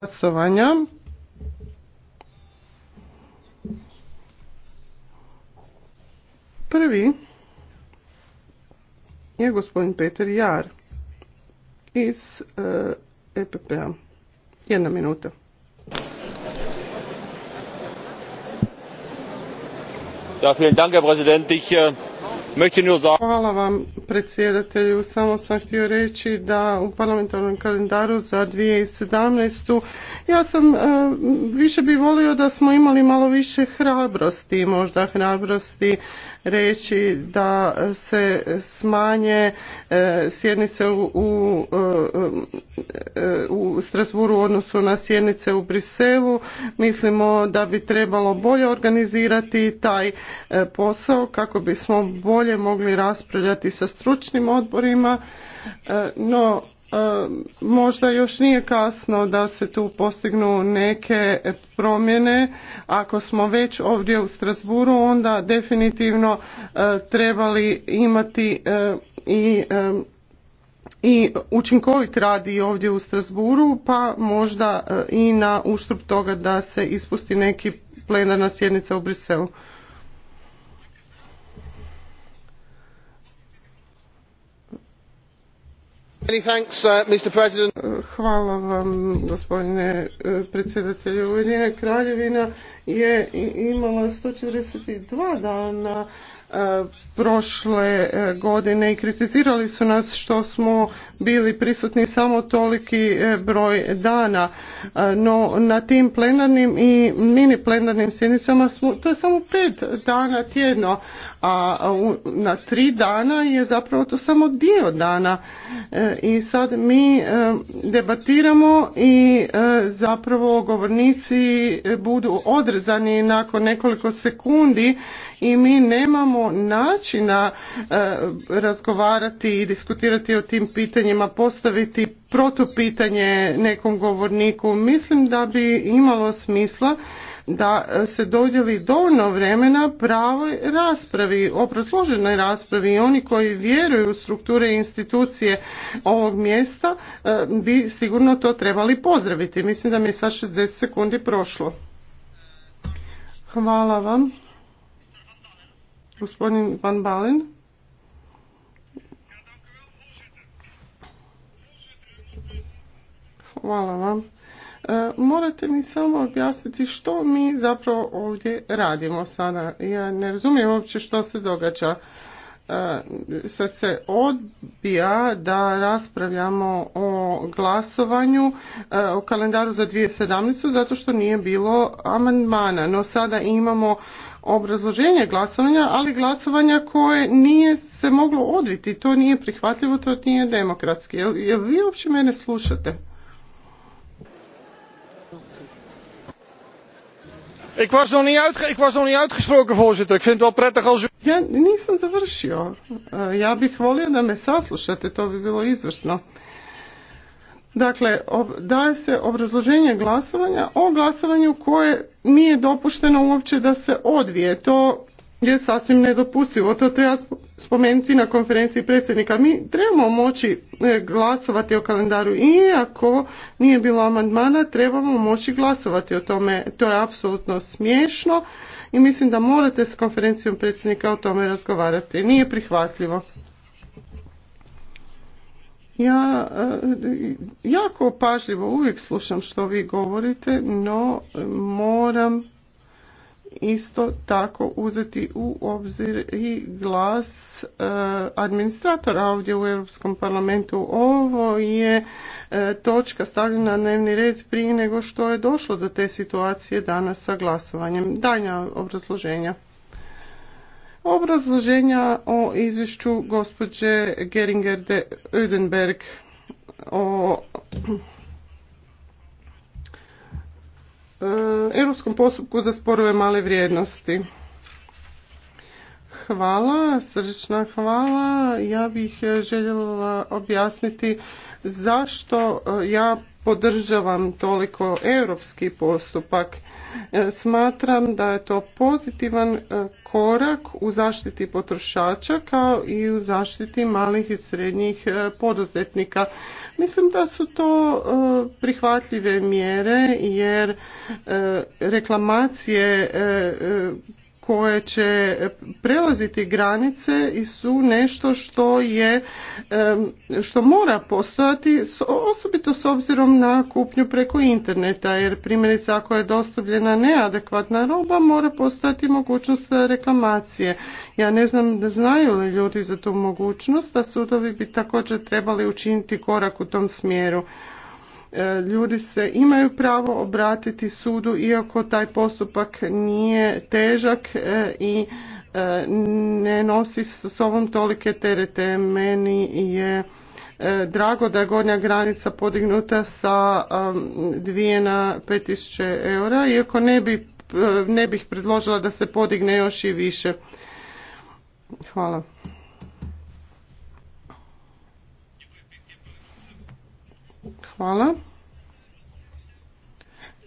glasovanja. Prvi je gospodin Peter Jar iz EPP-a. E Jedna minuta. Ja, vielen Dank, Herr Präsident. Ich äh, Hvala vam predsjedatelju. Samo sam htio reći da u parlamentarnom kalendaru za 2017. ja sam e, više bi volio da smo imali malo više hrabrosti, možda hrabrosti reći da se smanje e, sjednice u, u, e, e, u Strasburu u odnosu na sjednice u Briselu. Mislimo da bi trebalo bolje organizirati taj posao kako bismo bolje mogli raspravljati sa stručnim odborima, no E, možda još nije kasno da se tu postignu neke promjene. Ako smo već ovdje u Strasburu, onda definitivno e, trebali imati e, i i učinkovit rad i ovdje u Strasburu, pa možda i na uštrb toga da se ispusti neki plenarna sjednica u Briselu. Uh, Hvala vam gospodine e, predsjedatelju. Ujedinjena kraljevina je imala 142 dana e, prošle e, godine i kritizirali su nas što smo bili prisutni samo toliki broj dana. No na tim plenarnim i mini plenarnim sjednicama smo, to je samo pet dana tjedno, a na tri dana je zapravo to samo dio dana e, i sad mi e, debatiramo i e, zapravo govornici budu odrezani nakon nekoliko sekundi i mi nemamo načina razgovarati i diskutirati o tim pitanjima, postaviti protupitanje nekom govorniku. Mislim da bi imalo smisla da se dodjeli dovoljno vremena pravoj raspravi, o raspravi i oni koji vjeruju u strukture i institucije ovog mjesta e, bi sigurno to trebali pozdraviti. Mislim da mi je sad 60 sekundi prošlo. Hvala vam. Gospodin Van Balen. Hvala vam. E, morate mi samo objasniti što mi zapravo ovdje radimo sada. Ja ne razumijem uopće što se događa. E, sad se odbija da raspravljamo o glasovanju e, o kalendaru za 2017. zato što nije bilo amandmana. No sada imamo obrazloženje glasovanja, ali glasovanja koje nije se moglo odviti. To nije prihvatljivo, to nije demokratski. Jel, jel vi uopće mene slušate? Ik was nog niet, uitge ik was nog niet uitgesproken, voorzitter. Ik vind het wel prettig als u... Ja nisam završio. Eh, ja bih volio da me saslušate, to bi bilo izvrsno. Dakle, daje se obrazloženje glasovanja o glasovanju koje nije dopušteno uopće da se odvije. To je sasvim nedopustivo. To treba spomenuti na konferenciji predsjednika. Mi trebamo moći e, glasovati o kalendaru Iako nije bilo amandmana trebamo moći glasovati o tome. To je apsolutno smiješno i mislim da morate s konferencijom predsjednika o tome razgovarati. Nije prihvatljivo. Ja e, jako pažljivo uvijek slušam što vi govorite, no e, moram isto tako uzeti u obzir i glas e, administratora ovdje u Europskom parlamentu. Ovo je e, točka stavljena na dnevni red prije nego što je došlo do te situacije danas sa glasovanjem. Daljnja obrazloženja. Obrazloženja o izvješću gospođe Geringer de Udenberg o E, europskom postupku za sporove male vrijednosti. Hvala, srdečna hvala. Ja bih željela objasniti zašto e, ja podržavam toliko europski postupak. E, smatram da je to pozitivan e, korak u zaštiti potrošača kao i u zaštiti malih i srednjih e, poduzetnika. Mislim da su to prihvatljive mjere jer reklamacije koje će prelaziti granice i su nešto što je što mora postojati osobito s obzirom na kupnju preko interneta jer primjerice ako je dostavljena neadekvatna roba mora postojati mogućnost reklamacije. Ja ne znam da znaju li ljudi za tu mogućnost, a sudovi bi također trebali učiniti korak u tom smjeru. E, ljudi se imaju pravo obratiti sudu iako taj postupak nije težak e, i e, ne nosi sa sobom tolike terete. Meni je drago da je gornja granica podignuta sa dvije na 5000 eura, iako ne, bi, ne bih predložila da se podigne još i više. Hvala. Hvala.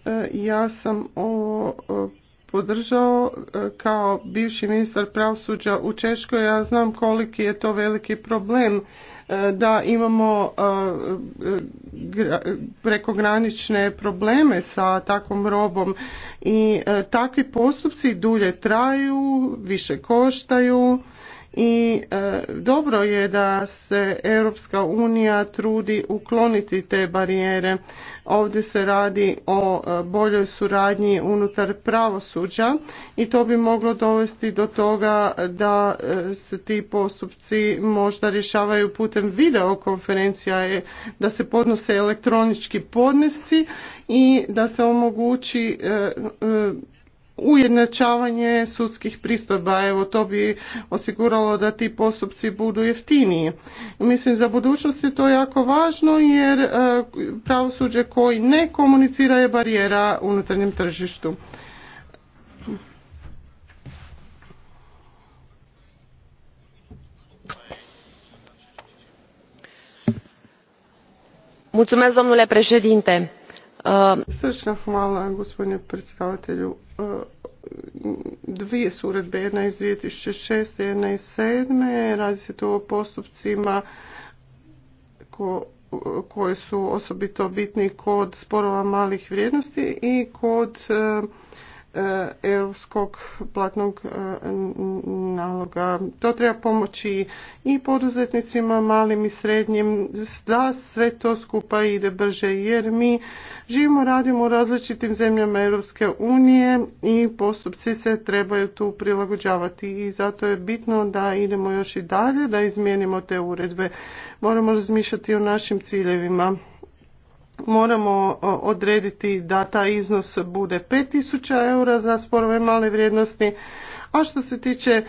E, ja sam ovo e, podržao e, kao bivši ministar pravosuđa u Češkoj. Ja znam koliki je to veliki problem da imamo prekogranične probleme sa takvom robom i takvi postupci dulje traju, više koštaju i e, dobro je da se Europska unija trudi ukloniti te barijere. Ovdje se radi o e, boljoj suradnji unutar pravosuđa i to bi moglo dovesti do toga da e, se ti postupci možda rješavaju putem videokonferencija, da se podnose elektronički podnesci i da se omogući ujednačavanje sudskih pristojba. Evo to bi osiguralo da ti postupci budu jeftiniji. Mislim za budućnost je to jako važno jer e, pravosuđe koji ne komunicira je barijera unutarnjem tržištu. Mulțumesc, domnule președinte Srčna hvala gospodine predsjedavatelju. E, dvije su uredbe, jedna iz 2006. jedna iz 2007. Radi se tu o postupcima koje koji su osobito bitni kod sporova malih vrijednosti i kod e, E, europskog platnog e, naloga. To treba pomoći i poduzetnicima, malim i srednjim, da sve to skupa ide brže, jer mi živimo, radimo u različitim zemljama Europske unije i postupci se trebaju tu prilagođavati i zato je bitno da idemo još i dalje, da izmijenimo te uredbe. Moramo razmišljati o našim ciljevima moramo odrediti da taj iznos bude 5000 eura za sporove male vrijednosti, a što se tiče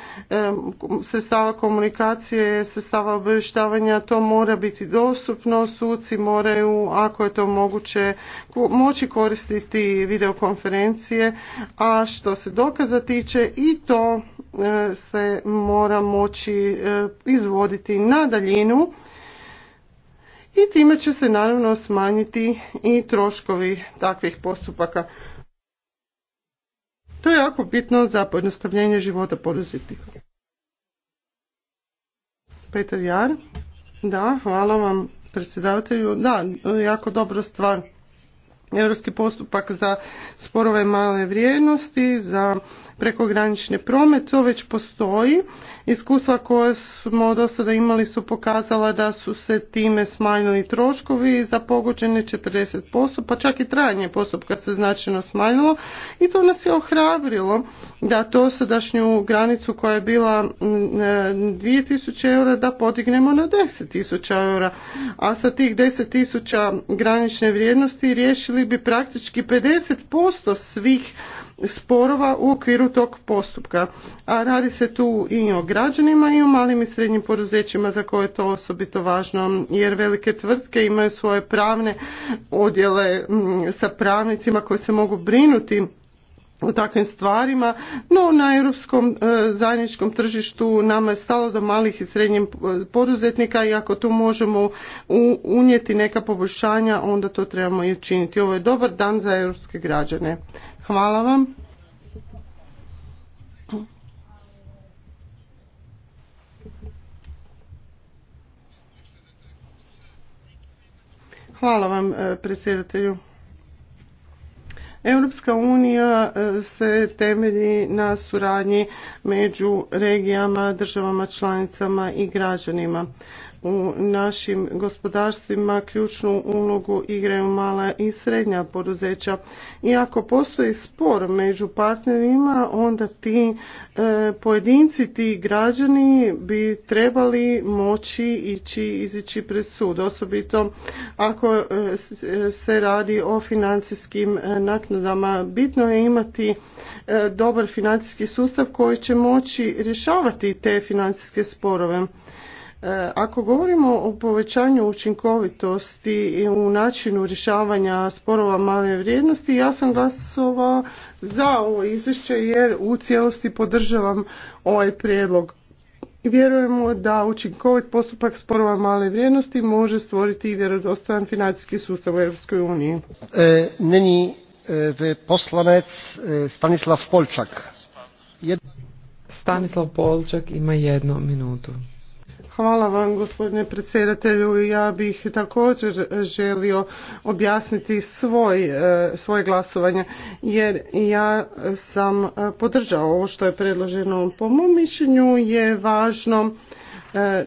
sredstava komunikacije, sredstava obavještavanja, to mora biti dostupno, suci moraju, ako je to moguće, moći koristiti videokonferencije, a što se dokaza tiče i to e, se mora moći e, izvoditi na daljinu i time će se naravno smanjiti i troškovi takvih postupaka. To je jako bitno za pojednostavljenje života poduzetnika. Petar Jar, da, hvala vam predsjedavatelju. Da, jako dobra stvar. Europski postupak za sporove male vrijednosti, za prekogranični promet. To već postoji. Iskustva koje smo do sada imali su pokazala da su se time smanjili troškovi za pogođene 40%, pa čak i trajanje postupka se značajno smanjilo i to nas je ohrabrilo da to sadašnju granicu koja je bila 2000 mm, eura da podignemo na 10.000 eura, a sa tih 10.000 granične vrijednosti riješili bi praktički 50% svih sporova u okviru tog postupka. A radi se tu i o građanima i o malim i srednjim poduzećima za koje je to osobito važno jer velike tvrtke imaju svoje pravne odjele mm, sa pravnicima koji se mogu brinuti o takvim stvarima, no na europskom e, zajedničkom tržištu nama je stalo do malih i srednjih e, poduzetnika i ako tu možemo unijeti neka poboljšanja onda to trebamo i učiniti. Ovo je dobar dan za europske građane. Hvala vam. Hvala vam e, predsjedatelju. Europska unija e, se temelji na suradnji među regijama, državama članicama i građanima u našim gospodarstvima ključnu ulogu igraju mala i srednja poduzeća. I ako postoji spor među partnerima, onda ti e, pojedinci, ti građani bi trebali moći ići, izići pred sud, osobito ako e, e, se radi o financijskim naknadama. Bitno je imati dobar financijski sustav koji će moći rješavati te financijske sporove. E, ako govorimo o povećanju učinkovitosti i u načinu rješavanja sporova male vrijednosti, ja sam glasova za ovo izvješće jer u cijelosti podržavam ovaj prijedlog. Vjerujemo da učinkovit postupak sporova male vrijednosti može stvoriti i vjerodostojan financijski sustav u Europskoj uniji. E, neni e, poslanec Stanislav Polčak. Stanislav Polčak ima jednu minutu. Hvala vam gospodine predsjedatelju. Ja bih također želio objasniti svoj, e, svoje glasovanje jer ja sam e, podržao ovo što je predloženo. Po mom mišljenju je važno E,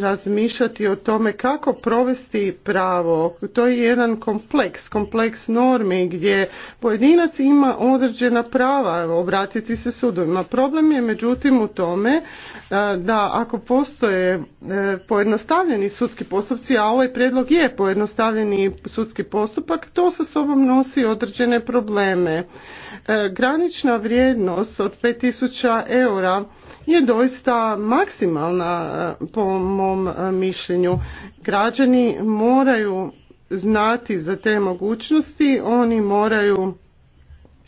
razmišljati o tome kako provesti pravo. To je jedan kompleks, kompleks normi gdje pojedinac ima određena prava obratiti se sudovima. Problem je međutim u tome e, da ako postoje e, pojednostavljeni sudski postupci, a ovaj predlog je pojednostavljeni sudski postupak, to sa sobom nosi određene probleme. Granična vrijednost od 5000 eura je doista maksimalna po mom e, mišljenju. Građani moraju znati za te mogućnosti, oni moraju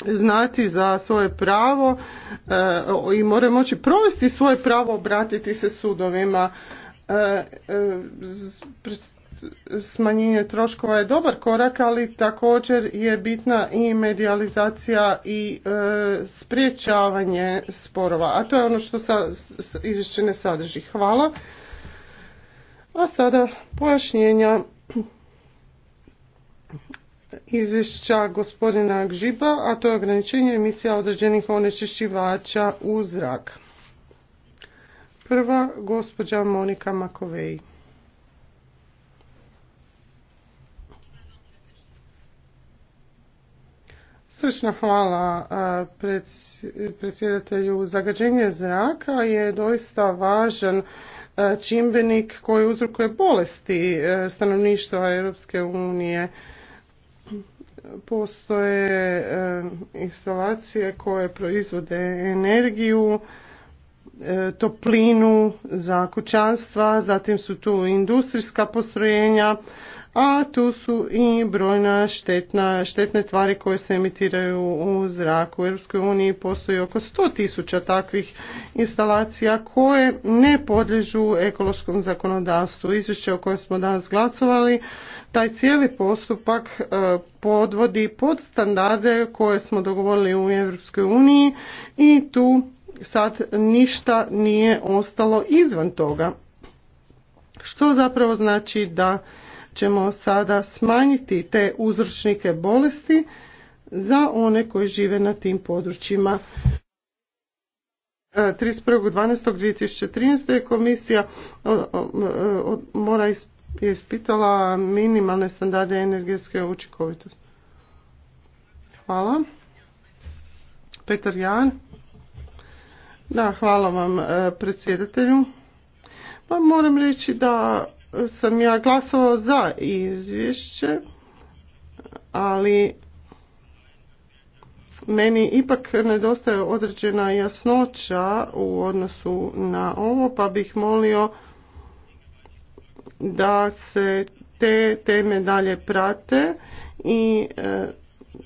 znati za svoje pravo e, i moraju moći provesti svoje pravo, obratiti se sudovima e, smanjenje troškova je dobar korak, ali također je bitna i medijalizacija i e, spriječavanje sporova. A to je ono što sa, izvješće ne sadrži. Hvala. A sada pojašnjenja izvješća gospodina Gžiba, a to je ograničenje emisija određenih onečišćivača u zrak. Prva gospođa Monika Makovej. Srčno hvala predsjedatelju. Zagađenje zraka je doista važan čimbenik koji uzrokuje bolesti e, stanovništva Europske unije. Postoje e, instalacije koje proizvode energiju, e, toplinu za kućanstva, zatim su tu industrijska postrojenja a tu su i brojna štetna, štetne tvari koje se emitiraju u zraku. U EU postoji oko sto tisuća takvih instalacija koje ne podliježu ekološkom zakonodavstvu. Izvješće o kojem smo danas glasovali, taj cijeli postupak e, podvodi pod standarde koje smo dogovorili u Europskoj uniji i tu sad ništa nije ostalo izvan toga. Što zapravo znači da ćemo sada smanjiti te uzročnike bolesti za one koji žive na tim područjima. 31.12.2013. E, je komisija mora ispitala minimalne standarde energetske učinkovitosti. Hvala. Petar Jan. Da, hvala vam e, predsjedatelju. Pa moram reći da sam ja glasovao za izvješće, ali meni ipak nedostaje određena jasnoća u odnosu na ovo, pa bih molio da se te teme dalje prate i e,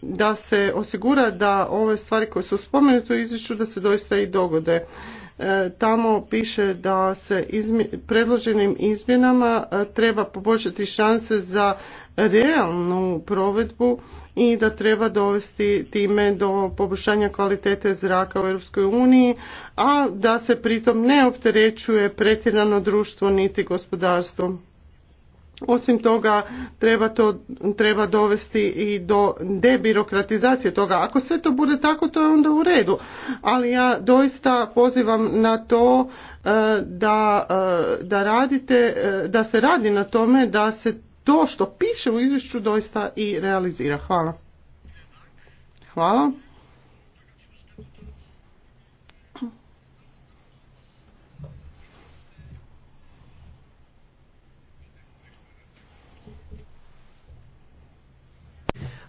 da se osigura da ove stvari koje su spomenute u izvješću da se doista i dogode. E, tamo piše da se predloženim izmjenama e, treba poboljšati šanse za realnu provedbu i da treba dovesti time do poboljšanja kvalitete zraka u EU, a da se pritom ne opterećuje pretjerano društvo niti gospodarstvo osim toga treba, to, treba dovesti i do debirokratizacije toga. Ako sve to bude tako, to je onda u redu. Ali ja doista pozivam na to e, da, e, da radite, e, da se radi na tome da se to što piše u izvješću doista i realizira. Hvala. Hvala.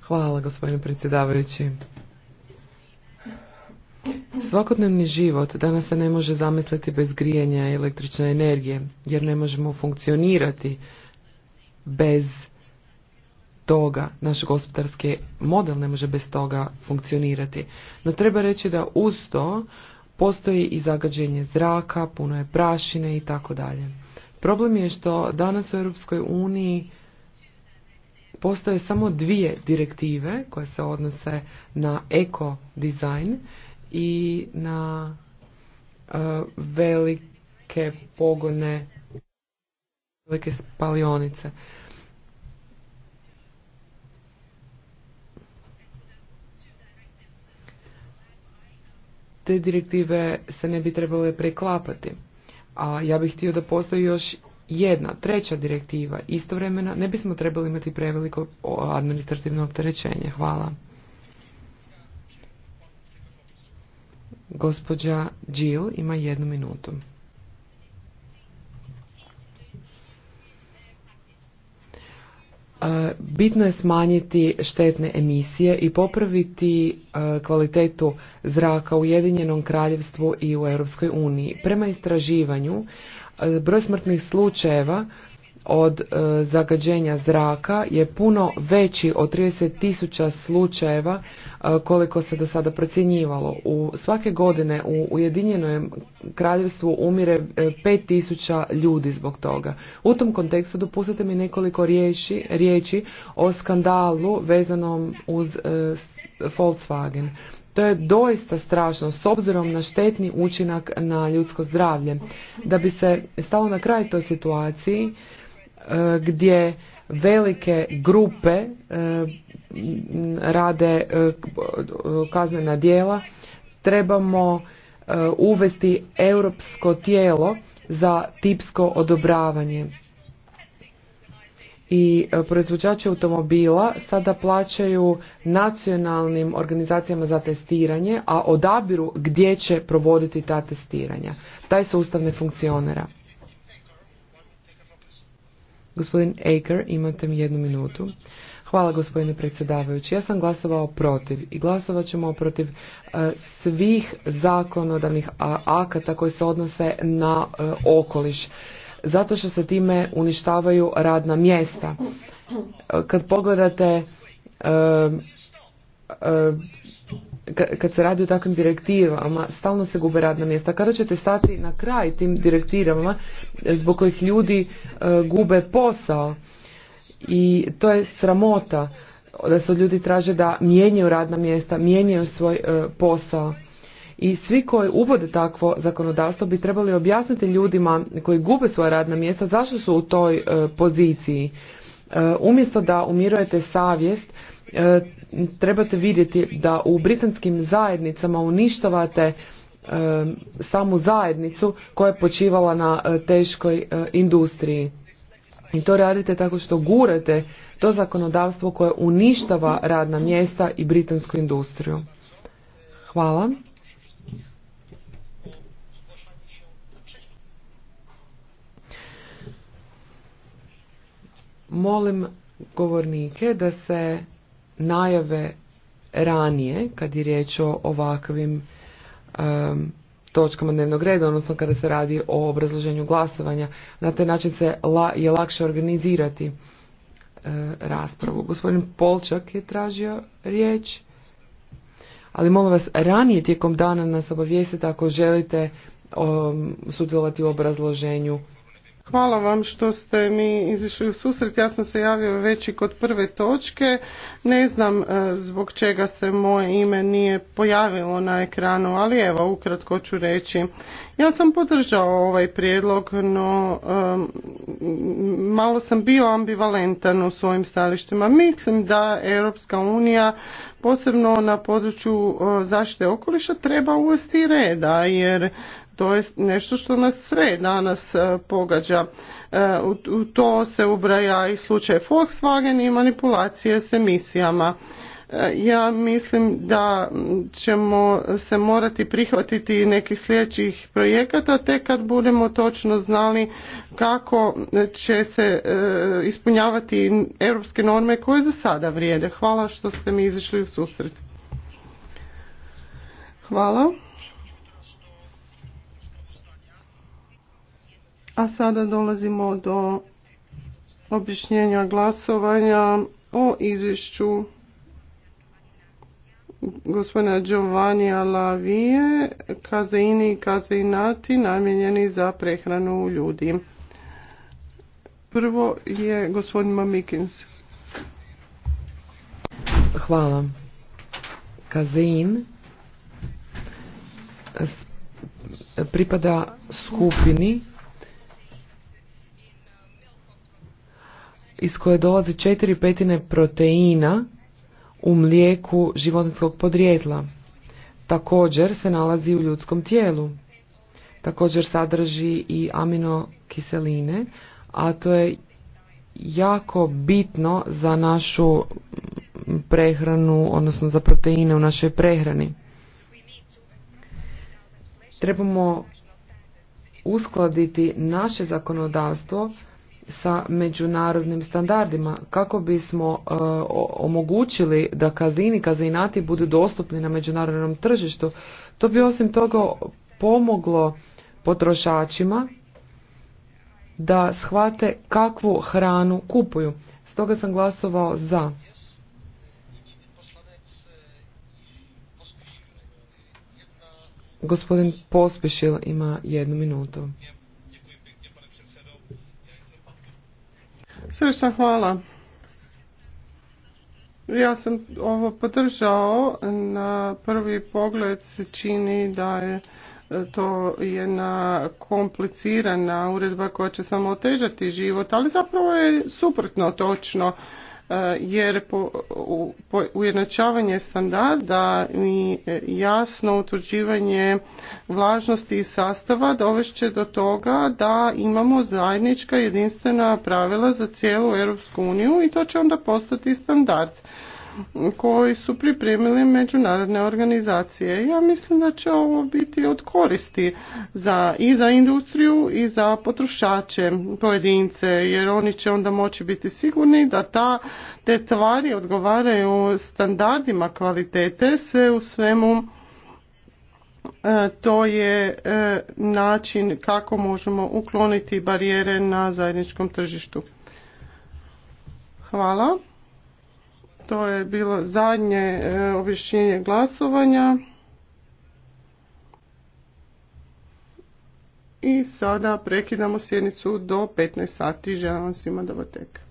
Hvala gospodine predsjedavajući. Svakodnevni život danas se ne može zamisliti bez grijanja električne energije, jer ne možemo funkcionirati bez toga, naš gospodarski model ne može bez toga funkcionirati. No treba reći da uz to postoji i zagađenje zraka, puno je prašine i tako dalje. Problem je što danas u Europskoj uniji Postoje samo dvije direktive koje se odnose na eko dizajn i na e, velike pogone, velike spalionice. Te direktive se ne bi trebale preklapati. A ja bih htio da postoji još jedna, treća direktiva istovremena, ne bismo trebali imati preveliko administrativno opterećenje. Hvala. Gospođa Jill ima jednu minutu. E, bitno je smanjiti štetne emisije i popraviti e, kvalitetu zraka u Ujedinjenom kraljevstvu i u Europskoj uniji. Prema istraživanju broj smrtnih slučajeva od e, zagađenja zraka je puno veći od 30 tisuća slučajeva e, koliko se do sada procjenjivalo. U, svake godine u Ujedinjenom kraljevstvu umire 5 e, tisuća ljudi zbog toga. U tom kontekstu dopustite mi nekoliko riječi, riječi o skandalu vezanom uz Volkswagen. To je doista strašno s obzirom na štetni učinak na ljudsko zdravlje. Da bi se stalo na kraj toj situaciji e, gdje velike grupe e, rade e, kaznena djela, trebamo uvesti europsko tijelo za tipsko odobravanje i e, proizvođači automobila sada plaćaju nacionalnim organizacijama za testiranje, a odabiru gdje će provoditi ta testiranja. Taj sustav ne funkcionira. Gospodin Aker, imate mi jednu minutu. Hvala gospodine predsjedavajući. Ja sam glasovao protiv i glasovat ćemo protiv e, svih zakonodavnih akata koji se odnose na e, okoliš zato što se time uništavaju radna mjesta. Kad pogledate kad se radi o takvim direktivama, stalno se gube radna mjesta. Kada ćete stati na kraj tim direktivama zbog kojih ljudi e, gube posao? I to je sramota da se ljudi traže da mijenjaju radna mjesta, mijenjaju svoj e, posao i svi koji uvode takvo zakonodavstvo bi trebali objasniti ljudima koji gube svoja radna mjesta zašto su u toj e, poziciji. E, umjesto da umirujete savjest, e, trebate vidjeti da u britanskim zajednicama uništavate samu zajednicu koja je počivala na teškoj industriji. I to radite tako što gurate to zakonodavstvo koje uništava radna mjesta i britansku industriju. Hvala. Molim govornike da se najave ranije kad je riječ o ovakvim točkama dnevnog reda, odnosno kada se radi o obrazloženju glasovanja. Na taj način se je lakše organizirati e, raspravu. Gospodin Polčak je tražio riječ, ali molim vas ranije tijekom dana nas obavijestite ako želite sudjelovati u obrazloženju Hvala vam što ste mi izišli u susret. Ja sam se javio već i kod prve točke. Ne znam e, zbog čega se moje ime nije pojavilo na ekranu, ali evo ukratko ću reći. Ja sam podržao ovaj prijedlog, no malo sam bio ambivalentan u svojim stalištima. Mislim da Europska unija posebno na području e, zaštite okoliša treba uvesti reda jer to je nešto što nas sve danas e, pogađa. E, u to se ubraja i slučaj Volkswagen i manipulacije s emisijama. E, ja mislim da ćemo se morati prihvatiti nekih sljedećih projekata te kad budemo točno znali kako će se ispunjavati europske norme koje za sada vrijede. Hvala što ste mi izišli u susret. Hvala. A sada dolazimo do objašnjenja glasovanja o izvješću gospodina Giovanni Lavije, kazeini i kazeinati namijenjeni za prehranu ljudi. Prvo je gospodin Mamikins. Hvala. Kazein pripada skupini iz koje dolazi četiri petine proteina u mlijeku životinskog podrijetla. Također se nalazi u ljudskom tijelu. Također sadrži i aminokiseline, a to je jako bitno za našu prehranu, odnosno za proteine u našoj prehrani. Trebamo uskladiti naše zakonodavstvo sa međunarodnim standardima kako bismo e, omogućili da kazini kazinati budu dostupni na međunarodnom tržištu to bi osim toga pomoglo potrošačima da shvate kakvu hranu kupuju stoga sam glasovao za gospodin pospišil ima jednu minutu Srećna hvala. Ja sam ovo podržao. Na prvi pogled se čini da je e, to jedna komplicirana uredba koja će samo otežati život, ali zapravo je suprotno točno E, jer ujednačavanje standarda i e, jasno utvrđivanje vlažnosti i sastava dovešće do toga da imamo zajednička jedinstvena pravila za cijelu Europsku uniju i to će onda postati standard koji su pripremili međunarodne organizacije. Ja mislim da će ovo biti od koristi za, i za industriju i za potrošače pojedince jer oni će onda moći biti sigurni da ta, te tvari odgovaraju standardima kvalitete sve u svemu e, to je e, način kako možemo ukloniti barijere na zajedničkom tržištu. Hvala. To je bilo zadnje e, objašnjenje glasovanja. I sada prekidamo sjednicu do 15 sati. Želim vam svima da